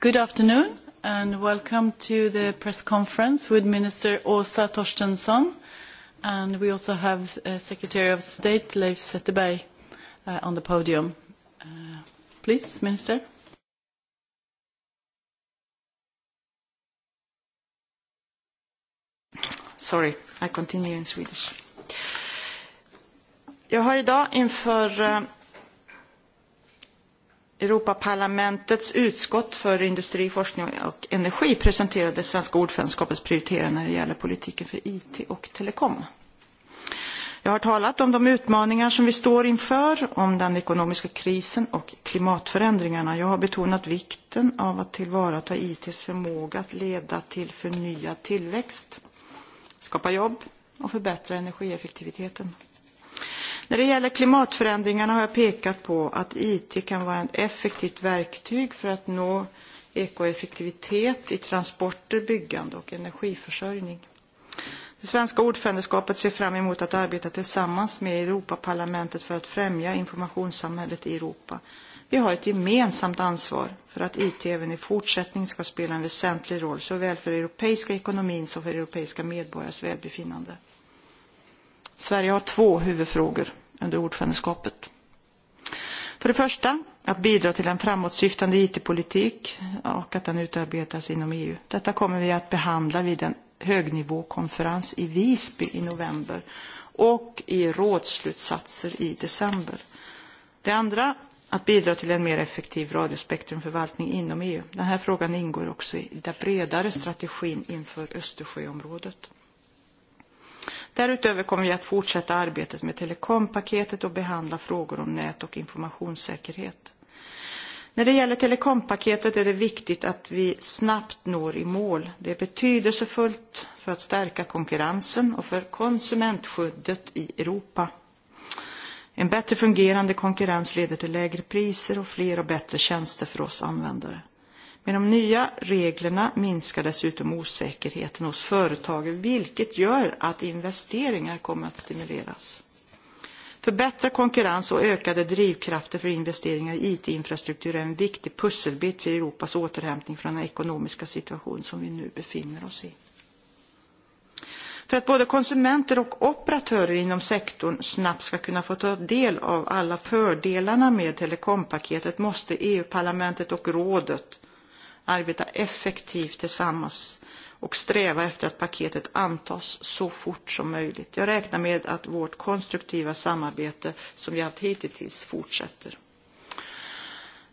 Good afternoon and welcome to the press conference with Minister Åsa Torstensson and we also have Secretary of State Leif Zetterberg on the podium. Please, Minister. Sorry, I continue in Swedish. Jag har idag inför Europaparlamentets utskott för industri, forskning och energi presenterade svenska ordförandeskapets prioriteringar när det gäller politiken för IT och telekom. Jag har talat om de utmaningar som vi står inför, om den ekonomiska krisen och klimatförändringarna. Jag har betonat vikten av att tillvarata ITs förmåga att leda till förnyad tillväxt, skapa jobb och förbättra energieffektiviteten. När det gäller klimatförändringarna har jag pekat på att IT kan vara ett effektivt verktyg för att nå ekoeffektivitet i transporter, byggande och energiförsörjning. Det svenska ordförandeskapet ser fram emot att arbeta tillsammans med Europaparlamentet för att främja informationssamhället i Europa. Vi har ett gemensamt ansvar för att IT även i fortsättning ska spela en väsentlig roll såväl för europeiska ekonomin som för europeiska medborgares välbefinnande. Sverige har två huvudfrågor under ordförandeskapet. För det första att bidra till en framåtsyftande IT-politik och att den utarbetas inom EU. Detta kommer vi att behandla vid en högnivåkonferens i Visby i november och i rådslutsatser i december. Det andra att bidra till en mer effektiv radiospektrumförvaltning inom EU. Den här frågan ingår också i den bredare strategin inför Östersjöområdet. Därutöver kommer vi att fortsätta arbetet med telekompaketet och behandla frågor om nät och informationssäkerhet. När det gäller telekompaketet är det viktigt att vi snabbt når i mål. Det är betydelsefullt för att stärka konkurrensen och för konsumentskyddet i Europa. En bättre fungerande konkurrens leder till lägre priser och fler och bättre tjänster för oss användare. Med de nya reglerna minskar dessutom osäkerheten hos företagen, vilket gör att investeringar kommer att stimuleras. Förbättrad konkurrens och ökade drivkrafter för investeringar i IT-infrastruktur är en viktig pusselbit för Europas återhämtning från den ekonomiska situation som vi nu befinner oss i. För att både konsumenter och operatörer inom sektorn snabbt ska kunna få ta del av alla fördelarna med telekompaketet måste EU-parlamentet och rådet arbeta effektivt tillsammans och sträva efter att paketet antas så fort som möjligt. Jag räknar med att vårt konstruktiva samarbete som vi haft hittills fortsätter.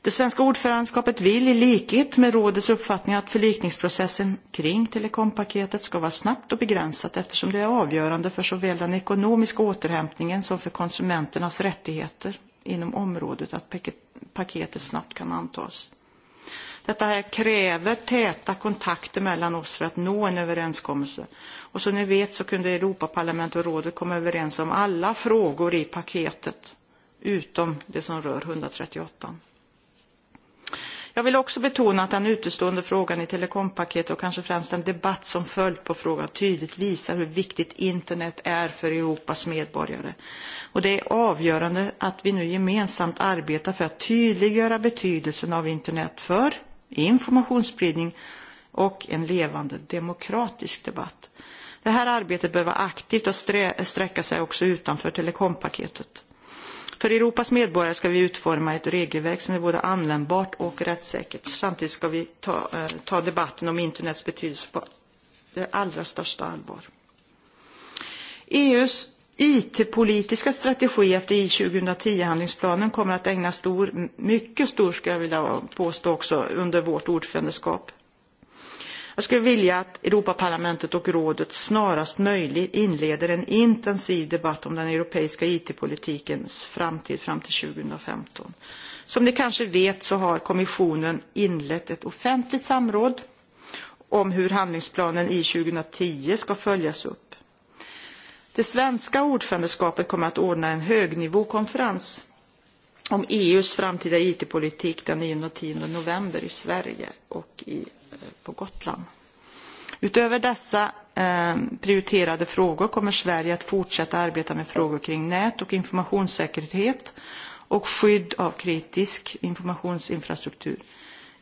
Det svenska ordförandeskapet vill i likhet med rådets uppfattning att förlikningsprocessen kring telekompaketet ska vara snabbt och begränsat eftersom det är avgörande för såväl den ekonomiska återhämtningen som för konsumenternas rättigheter inom området att paketet snabbt kan antas. Detta här kräver täta kontakter mellan oss för att nå en överenskommelse. Och som ni vet så kunde Europaparlamentet och rådet komma överens om alla frågor i paketet, utom det som rör 138. Jag vill också betona att den utestående frågan i telekompaketet och kanske främst den debatt som följt på frågan tydligt visar hur viktigt internet är för Europas medborgare. Och det är avgörande att vi nu gemensamt arbetar för att tydliggöra betydelsen av internet för informationsspridning och en levande demokratisk debatt. Det här arbetet behöver vara aktivt och sträcka sig också utanför telekompaketet. För Europas medborgare ska vi utforma ett regelverk som är både användbart och rättssäkert. Samtidigt ska vi ta debatten om internets betydelse på det allra största allvar. EU:s IT-politiska strategi efter I2010-handlingsplanen kommer att ägna stor, mycket stor, ska jag påstå också, under vårt ordförandeskap. Jag skulle vilja att Europaparlamentet och rådet snarast möjligt inleder en intensiv debatt om den europeiska IT-politikens framtid fram till 2015. Som ni kanske vet så har kommissionen inlett ett offentligt samråd om hur handlingsplanen I2010 ska följas upp. Det svenska ordförandeskapet kommer att ordna en högnivåkonferens om EUs framtida IT-politik den 9 och 10 november i Sverige och på Gotland. Utöver dessa prioriterade frågor kommer Sverige att fortsätta arbeta med frågor kring nät och informationssäkerhet och skydd av kritisk informationsinfrastruktur.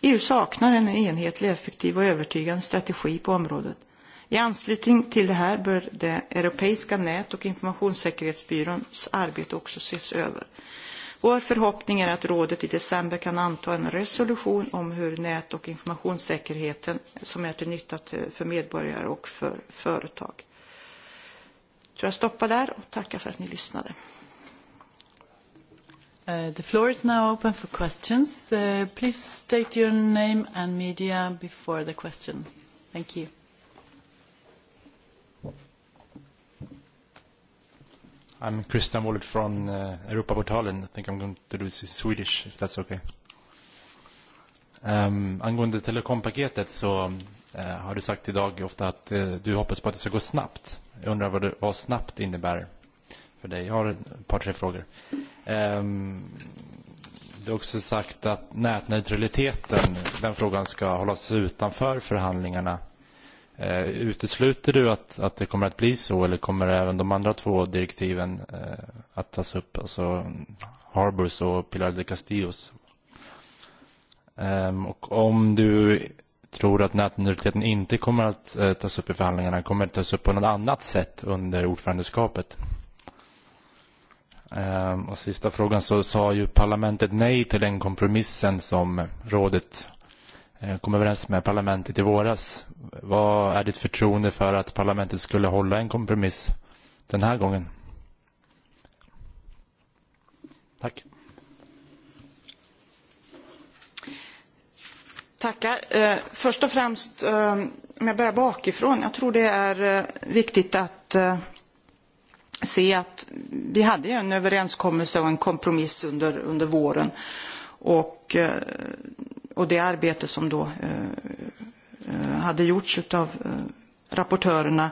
EU saknar en enhetlig, effektiv och övertygande strategi på området. I anslutning till det här bör det europeiska nät och informationssäkerhetsbyråns arbete också ses över. Vår förhoppning är att rådet i december kan anta en resolution om hur nät och informationssäkerheten som är till nytta för medborgare och för företag. Jag tror jag stoppar där och tackar för att ni lyssnade. The floor is now open for questions. Please state your name and media before the question. Thank you. I'm Christian Wallet from Europaportalen. I think I'm going to do this in Swedish, if that's okay. Angående telekompaketet så har du sagt idag ofta att du hoppas på att det ska gå snabbt. Jag undrar vad, det, vad snabbt innebär för dig. Jag har ett par, tre frågor. Du har också sagt att nätneutraliteten, den frågan ska hållas utanför förhandlingarna Utesluter du att det kommer att bli så eller kommer även de andra två direktiven att tas upp, alltså Harbors och Pilar de Castillos? Och om du tror att nätneutraliteten inte kommer att tas upp i förhandlingarna, kommer det tas upp på något annat sätt under ordförandeskapet? Och sista frågan så sa ju parlamentet nej till den kompromissen som rådet kommer överens med parlamentet i våras. Vad är ditt förtroende för att parlamentet skulle hålla en kompromiss den här gången? Tack. Tackar. Först och främst, om jag börjar bakifrån, jag tror det är viktigt att se att vi hade en överenskommelse och en kompromiss under våren och det arbete som då hade gjorts av rapportörerna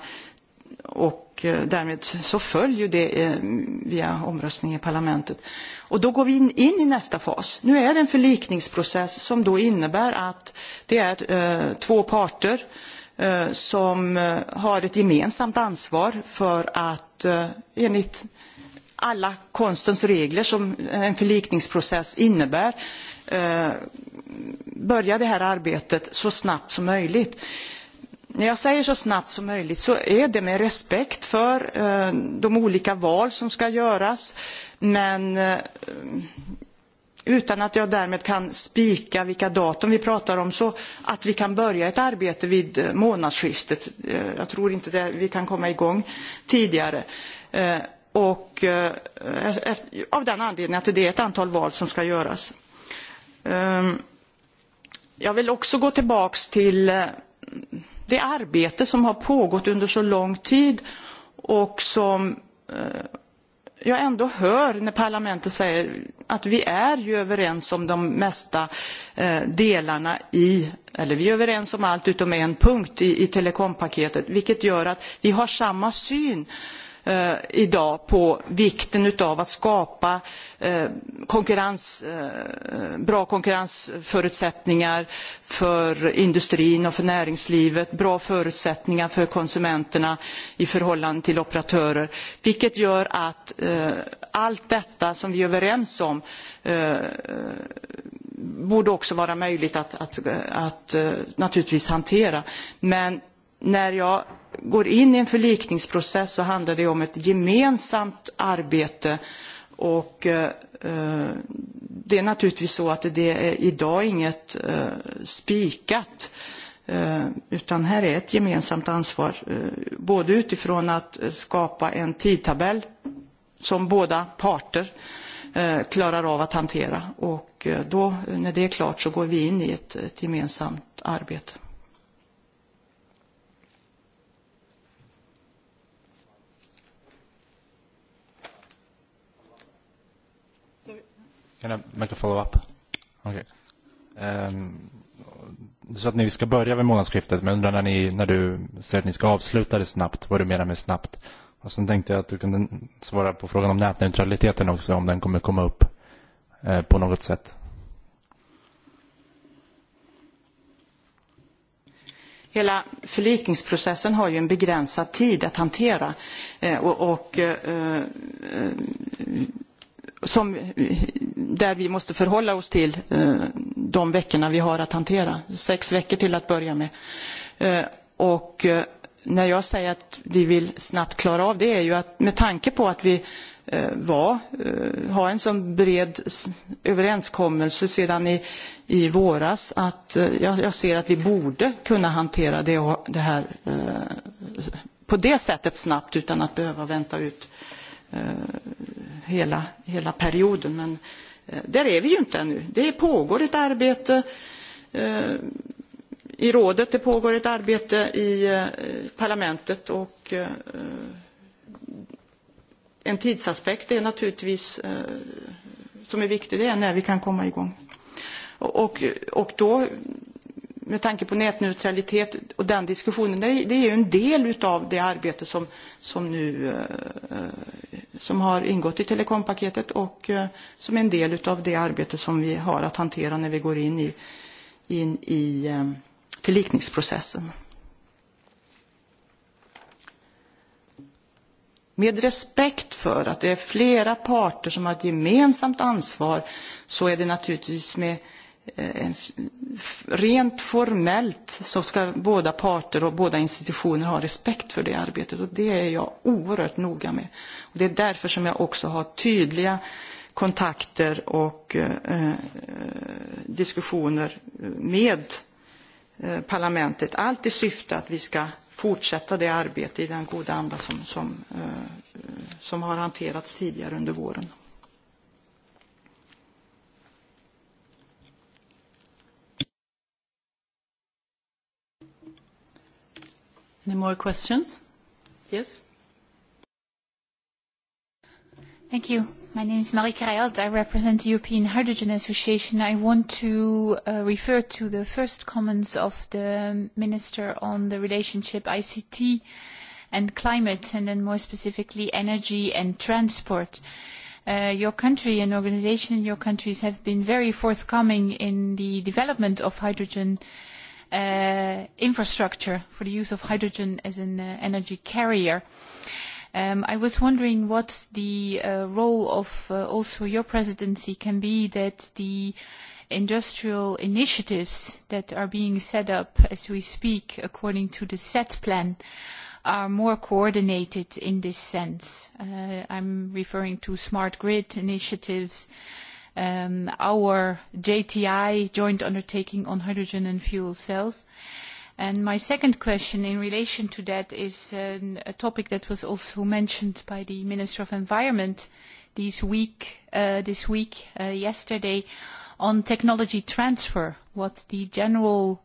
och därmed så följer det via omröstning i parlamentet. Och då går vi in i nästa fas. Nu är det en förlikningsprocess som då innebär att det är två parter som har ett gemensamt ansvar för att enligt alla konstens regler som en förlikningsprocess innebär börja det här arbetet så snabbt som möjligt. När jag säger så snabbt som möjligt så är det med respekt för de olika val som ska göras men utan att jag därmed kan spika vilka datum vi pratar om så att vi kan börja ett arbete vid månadsskiftet. Jag tror inte vi kan komma igång tidigare. Och av den anledningen att det är ett antal val som ska göras. Jag vill också gå tillbaka till det arbete som har pågått under så lång tid och som jag ändå hör när parlamentet säger att vi är överens om de mesta delarna i, eller vi är överens om allt utom en punkt i telekompaketet, vilket gör att vi har samma syn idag på vikten av att skapa bra konkurrensförutsättningar för industrin och för näringslivet, bra förutsättningar för konsumenterna i förhållande till operatörer, vilket gör att allt detta som vi är överens om borde också vara möjligt att naturligtvis hantera. Men när jag går in i en förlikningsprocess så handlar det om ett gemensamt arbete och det är naturligtvis så att det är idag inget spikat utan här är ett gemensamt ansvar både utifrån att skapa en tidtabell som båda parter klarar av att hantera och då när det är klart så går vi in i ett gemensamt arbete. Kan jag make a follow-up? Okay. Um, sa att ni ska börja vid månadsskiftet, men undrar när, ni, när du säger att ni ska avsluta det snabbt, vad du menar med snabbt? Och sen tänkte jag att du kunde svara på frågan om nätneutraliteten också, om den kommer komma upp eh, på något sätt. Hela förlikningsprocessen har ju en begränsad tid att hantera. Och eh, som där vi måste förhålla oss till de veckorna vi har att hantera. Sex veckor till att börja med. Och när jag säger att vi vill snabbt klara av det är ju att med tanke på att vi har en så bred överenskommelse sedan i våras att jag ser att vi borde kunna hantera det här på det sättet snabbt utan att behöva vänta ut hela perioden. Där är vi ju inte ännu. Det pågår ett arbete i rådet, det pågår ett arbete i parlamentet och en tidsaspekt är naturligtvis som är viktig, det är när vi kan komma igång. Och då med tanke på nätneutralitet och den diskussionen, det är ju en del av det arbete som, som nu som har ingått i telekompaketet och som en del av det arbete som vi har att hantera när vi går in i, in i förlikningsprocessen. Med respekt för att det är flera parter som har ett gemensamt ansvar så är det naturligtvis med rent formellt så ska båda parter och båda institutioner ha respekt för det arbetet och det är jag oerhört noga med. Det är därför som jag också har tydliga kontakter och diskussioner med parlamentet. Allt i syfte att vi ska fortsätta det arbete i den goda anda som har hanterats tidigare under våren. Any more questions? Yes. Thank you. My name is Marie I represent the European Hydrogen Association. I want to refer to the first comments of the Minister on the relationship ICT and climate, and then more specifically energy and transport. Your country and organization in your countries have been very forthcoming in the development of hydrogen infrastructure for the use of hydrogen as an energy carrier. I was wondering what the role of also your presidency can be that the industrial initiatives that are being set up as we speak according to the set plan are more coordinated in this sense. I'm referring to smart grid initiatives our JTI joint undertaking on hydrogen and fuel cells. And my second question in relation to that is a topic that was also mentioned by the Minister of Environment this week, yesterday, on technology transfer, what the general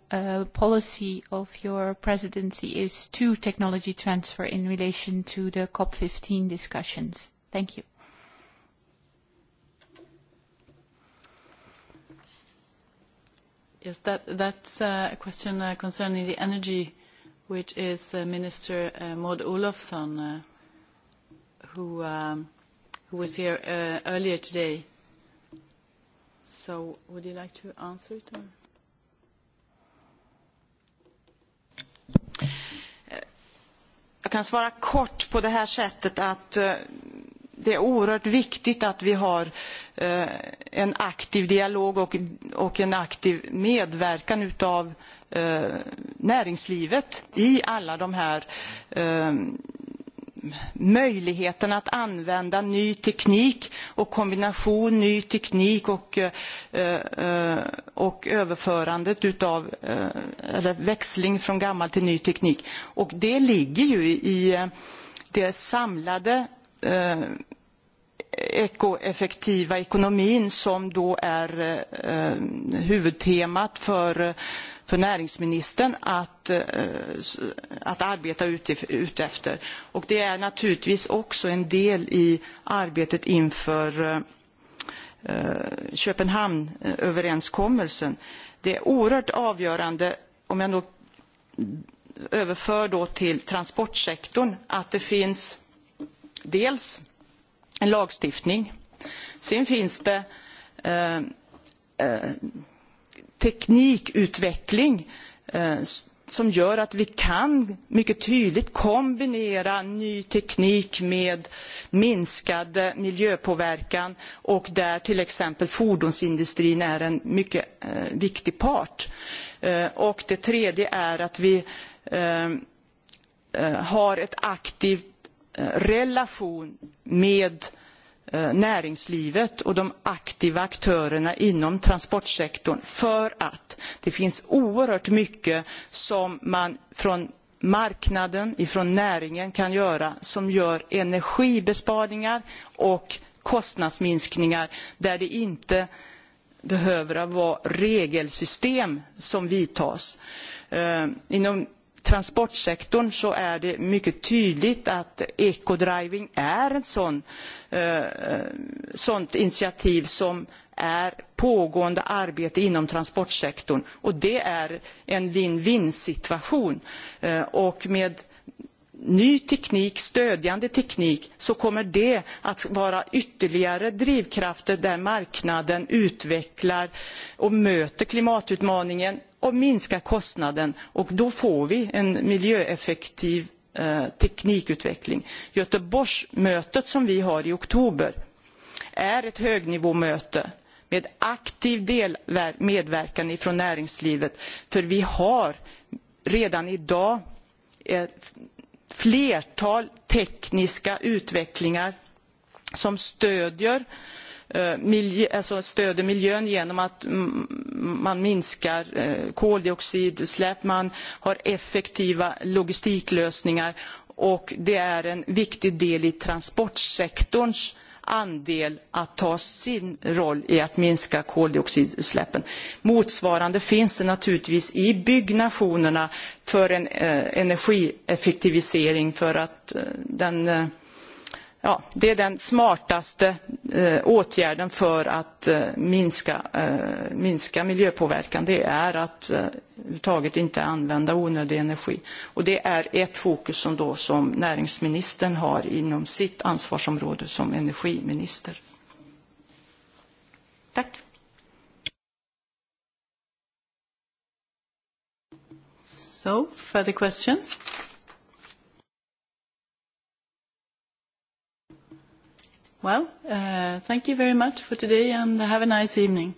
policy of your presidency is to technology transfer in relation to the COP15 discussions. Thank you. Yes, that's a question concerning the energy, which is Minister Maud Olofsson, who was here earlier today. So would you like to answer it? Jag kan svara kort på det här sättet att det är oerhört viktigt att vi har en aktiv dialog och en aktiv medverkan av näringslivet i alla de här möjligheterna att använda ny teknik och kombination ny teknik och överförandet av eller växling från gammal till ny teknik. Och det ligger ju i det samlade ekoeffektiva ekonomin som då är huvudtemat för näringsministern att arbeta utefter. Det är naturligtvis också en del i arbetet inför Köpenhamnöverenskommelsen. Det är oerhört avgörande, om jag överför till transportsektorn, att det finns dels en lagstiftning. Sen finns det teknikutveckling som gör att vi kan mycket tydligt kombinera ny teknik med minskad miljöpåverkan och där till exempel fordonsindustrin är en mycket viktig part. Och det tredje är att vi har ett aktivt relation med näringslivet och de aktiva aktörerna inom transportsektorn för att det finns oerhört mycket som man från marknaden, från näringen kan göra som gör energibesparingar och kostnadsminskningar där det inte behöver vara regelsystem som vidtas. Inom transportsektorn så är det mycket tydligt att ecodriving är ett sådant initiativ som är pågående arbete inom transportsektorn. Det är en win-win-situation. Med ny teknik, stödjande teknik, kommer det att vara ytterligare drivkrafter där marknaden utvecklar och möter klimatutmaningen och minska kostnaden och då får vi en miljöeffektiv teknikutveckling. Göteborgsmötet som vi har i oktober är ett högnivåmöte med aktiv medverkan från näringslivet för vi har redan idag ett flertal tekniska utvecklingar som stödjer stöder miljön genom att man minskar koldioxidutsläpp, man har effektiva logistiklösningar och det är en viktig del i transportsektorns andel att ta sin roll i att minska koldioxidutsläppen. Motsvarande finns det naturligtvis i byggnationerna för en energieffektivisering för att den det är den smartaste åtgärden för att minska miljöpåverkan. Det är att överhuvudtaget inte använda onödig energi. Det är ett fokus som näringsministern har inom sitt ansvarsområde som energiminister. Tack. So, questions? Well, thank you very much for today and have a nice evening.